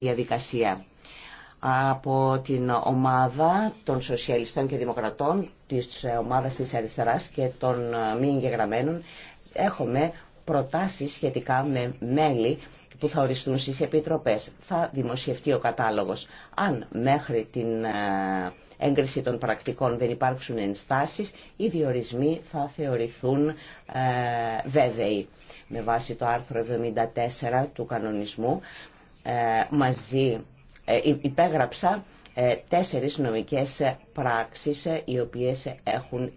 διαδικασία από την ομάδα των σοσιαλιστών και δημοκρατών, της ομάδας της αριστεράς και των ε, μη εγγεγραμμένων, έχουμε προτάσεις σχετικά με μέλη που θα οριστούν στις επιτροπές. Θα δημοσιευτεί ο κατάλογος. Αν μέχρι την ε, έγκριση των πρακτικών δεν υπάρξουν ενστάσεις, οι διορισμοί θα θεωρηθούν ε, βέβαιοι. Με βάση το άρθρο 74 του κανονισμού, ε, μαζί ε, υπέγραψα ε, τέσσερις νομικές πράξεις οι οποίες έχουν